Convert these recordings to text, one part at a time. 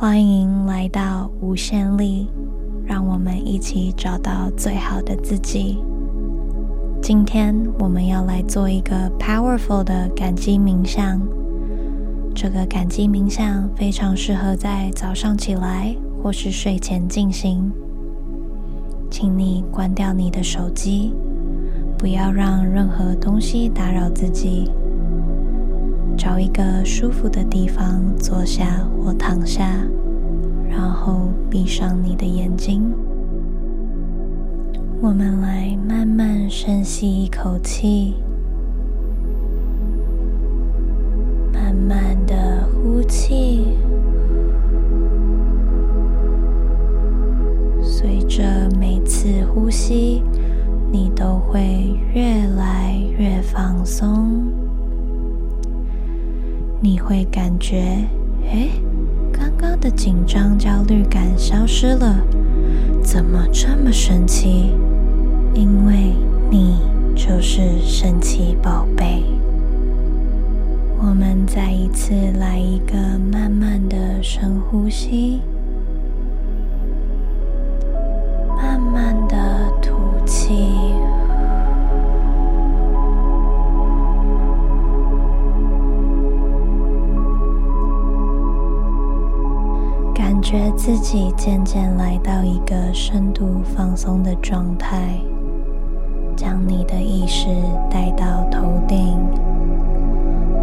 歡迎來到無限粒，讓我們一起找到最好的自己。今天我們要來做一個 powerful 的感激冥想。這個感激冥想非常適合在早上起來或是睡前進行。請你關掉你的手機，不要讓任何東西打擾自己。找一個舒服的地方坐下或躺下，然後閉上你的眼睛。我們來慢慢深吸一口氣，慢慢的呼氣。隨着每次呼吸，你都會越來越放鬆。你會感覺，誒，剛剛的緊張焦慮感消失了，怎麼這麼神奇？因為你就是神奇寶貝。我們再一次來一個慢慢的深呼吸。覺自己漸漸來到一個深度放鬆的狀態，將你的意識帶到頭頂。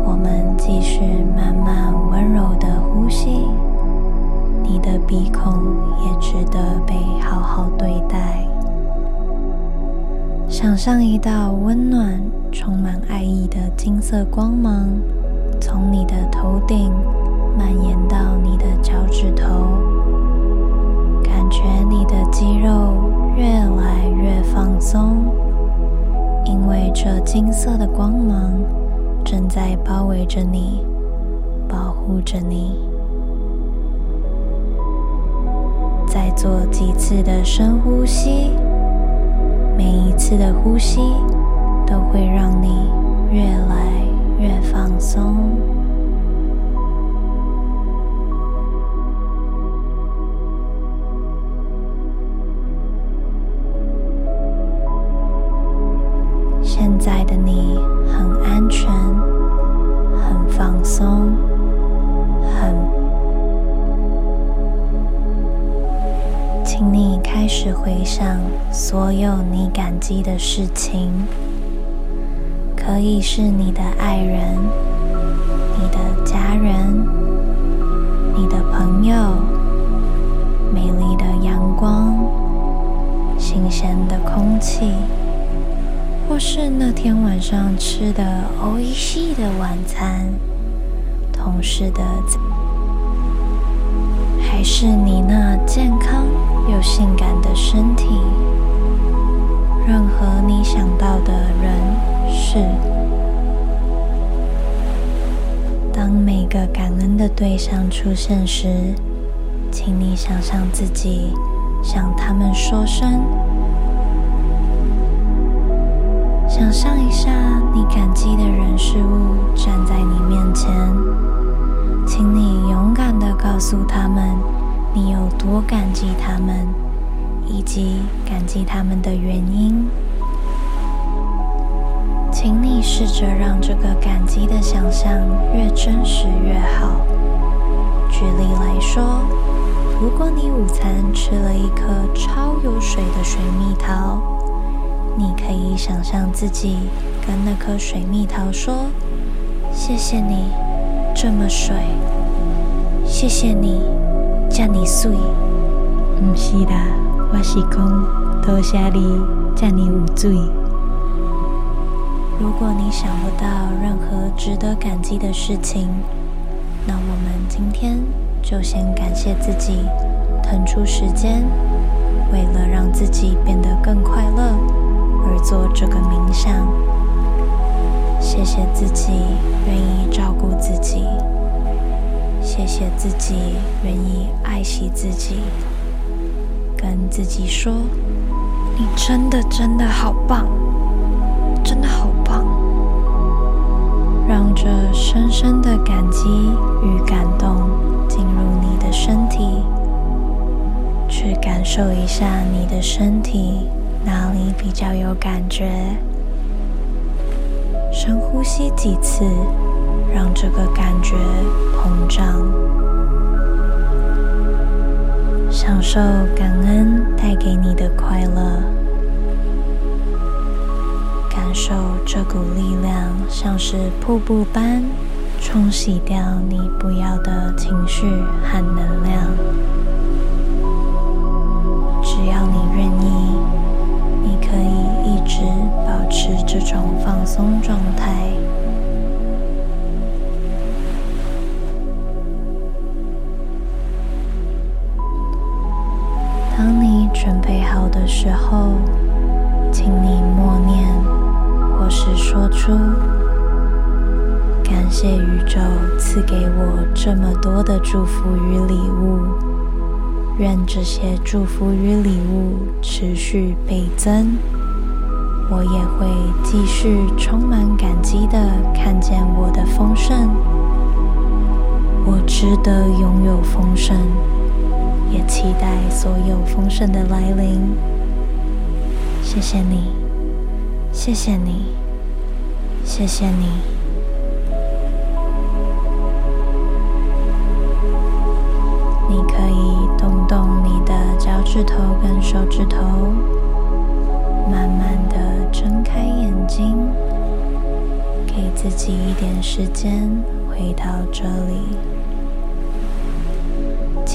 我們繼續慢慢溫柔的呼吸，你的鼻孔也值得被好好對待。想象一道溫暖、充滿愛意的金色光芒，從你的頭頂。這金色的光芒正在包圍着你，保護着你。再做幾次的深呼吸，每一次的呼吸都會讓你。現在的你很安全，很放鬆，很……請你開始回想所有你感激的事情，可以是你的愛人、你的家人、你的朋友、美麗的陽光、新鮮的空氣。或是那天晚上吃的おいしい的晚餐，同事的，還是你那健康又性感的身體，任何你想到的人事。當每個感恩的對象出現時，請你想象自己向他們說聲。想象一下，你感激的人事物站在你面前，請你勇敢地告訴他們，你有多感激他們，以及感激他們的原因。請你試着讓這個感激的想象越真實越好。舉例來說，如果你午餐吃了一顆超有水的水蜜桃。你可以想象自己跟那顆水蜜桃說：“謝謝你這麼水，謝謝你這麼水。”不是啦，我是說多謝你這麼有水。如果你想不到任何值得感激的事情，那我們今天就先感謝自己，騰出時間，為了讓自己變得更快樂。而做這個冥想，謝謝自己願意照顧自己，謝謝自己願意愛惜自己，跟自己說：“你真的真的好棒，真的好棒。”讓這深深的感激與感動進入你的身體，去感受一下你的身體。哪裡比較有感覺？深呼吸幾次，讓這個感覺膨脹，享受感恩帶給你的快樂，感受這股力量像是瀑布般沖洗掉你不要的情緒和能量。準備好的時候，請你默念或是說出：“感謝宇宙賜給我這麼多的祝福與禮物，願這些祝福與禮物持續倍增。我也會繼續充滿感激地看見我的豐盛，我值得擁有豐盛。”也期待所有豐盛的來臨。謝謝你，謝謝你，謝謝你。你可以動動你的腳趾頭跟手指頭，慢慢的睜開眼睛，給自己一點時間回到這裡。